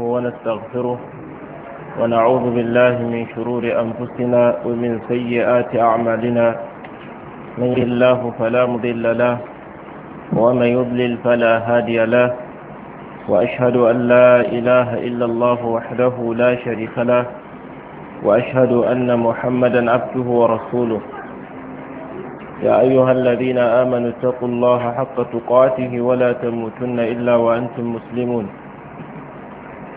ونستغفره ونعوذ بالله من شرور أنفسنا ومن سيئات أعمالنا من الله فلا مضل له ومن يضلل فلا هادي له وأشهد أن لا إله إلا الله وحده لا شريك له وأشهد أن محمدا عبده ورسوله يا أيها الذين آمنوا اتقوا الله حق تقاته ولا تموتن إلا وأنتم مسلمون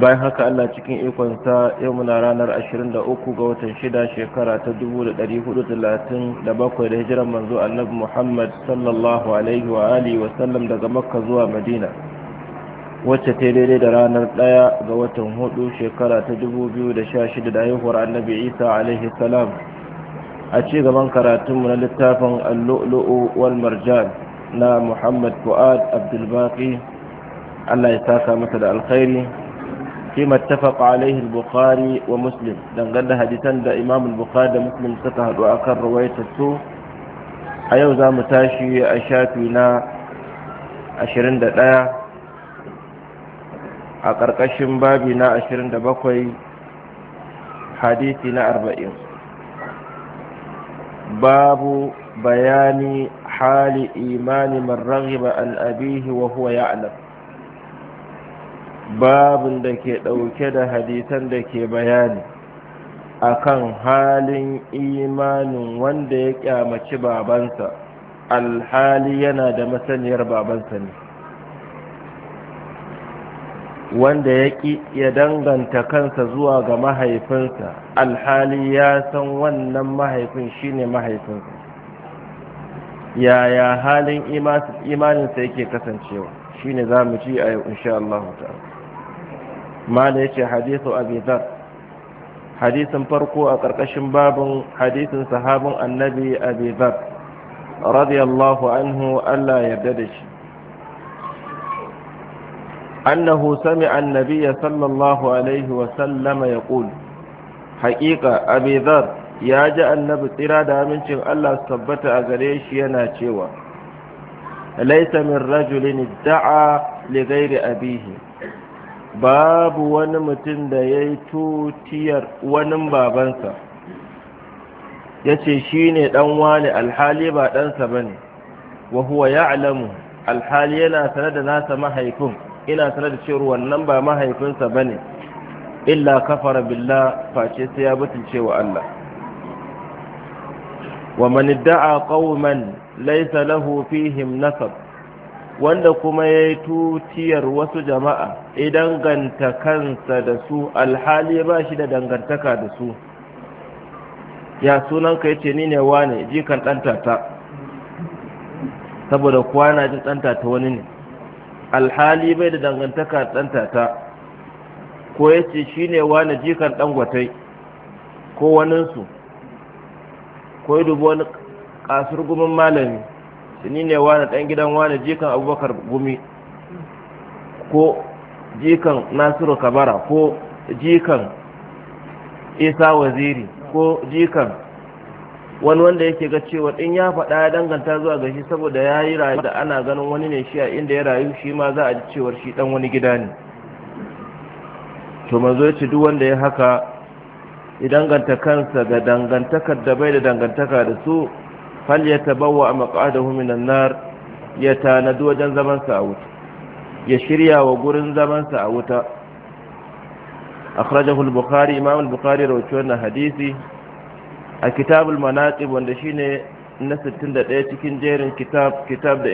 bayan haka Allah cikin ikonsa yau muna ranar 23 ga watan 6 shekara ta 1437 da hijiran manzo annabi Muhammad sallallahu alaihi wa alihi wa sallam daga Makka zuwa Madina wacce ta daidai da ranar 1 ga watan 4 shekara ta 2016 da haihuwar annabi Isa alaihi salam a ci gaban karatunmu na littafin Al-Lu'lu'u wal Marjan na Muhammad Fuad abdulbaki Baqi Allah ya saka masa da alkhairi فيما اتفق عليه البخاري ومسلم دنقل حديثان دا إمام البخاري دا مسلم ستهد وأكر رواية السوء أيوزا متاشي أشاتينا أشرين دا a ƙarƙashin babi na 27 hadisi na 40 babu bayani hali imani man raghiba an abihi wa huwa ya'lam babin da ke ɗauke da hadisan da ke bayani akan halin imanin wanda ya kyamaci babansa alhali yana da masaniyar babansa ne wanda ya ƙi ya danganta kansa zuwa ga mahaifinsa alhali ya san wannan mahaifin shine mahaifinsa yaya halin imaninsa yake kasancewa shine za mu ci a yau insha Allah ta'ala mala yace hadithu abi dhar hadisin farko a ƙarƙashin babin hadisin sahabin annabi Abidar radiyallahu anhu Allah yarda da shi annahu sami Annabi ya sallallahu alaihi wa sallama yaqul haqiqa abi dhar ya ji annabi tsira da amincin Allah su tabbata a gare shi yana cewa laisa min rajulin da'a li ghairi abihi babu wani mutum da ya yi tutiyar wani babansa ya ce shi ne ɗan wani alhali ba ɗansa ba ne wa huwa ya alamu alhali yana sanar da nasa mahaifin ina sanar da cewar wannan ba mahaifinsa ba ne illa kafara billa! face sai ya butulce wa Allah wa man da'a qauman laysa lahu fihim nasab wanda kuma ya yi tutiyar wasu jama'a idan ganta kansa da su alhali ba shi da dangantaka da su ya sunan ka yace ni ne wane jikan ɗantata saboda kuwa na jin ɗantata wani ne alhali bai da dangantaka ɗantata ko yace ce shi ne wane jikan ɗangwatai ko waninsu ko ya dubu wani kasurgumin malami ni ne wani ɗan gidan wani jikan abubakar gumi ko jikan nasiru kabara ko jikan isa waziri ko jikan wani wanda yake ga cewa ɗin ya faɗa ya danganta zuwa gashi saboda ya yi rayu da ana ganin wani ne shi a inda ya rayu shi ma za a ji cewar shi ɗan wani gida ne to manzo ce duk wanda ya haka ya danganta kansa ga dangantakar da bai da dangantaka da su falyatabawa maqadahu minan nar ya tanadi wajen zaman sa a wuta ya shirya wa gurin zaman sa a wuta akhrajahu al-bukhari imam al-bukhari rawaito wannan hadisi a kitab al-manaqib wanda shine na 61 cikin jerin kitab kitab da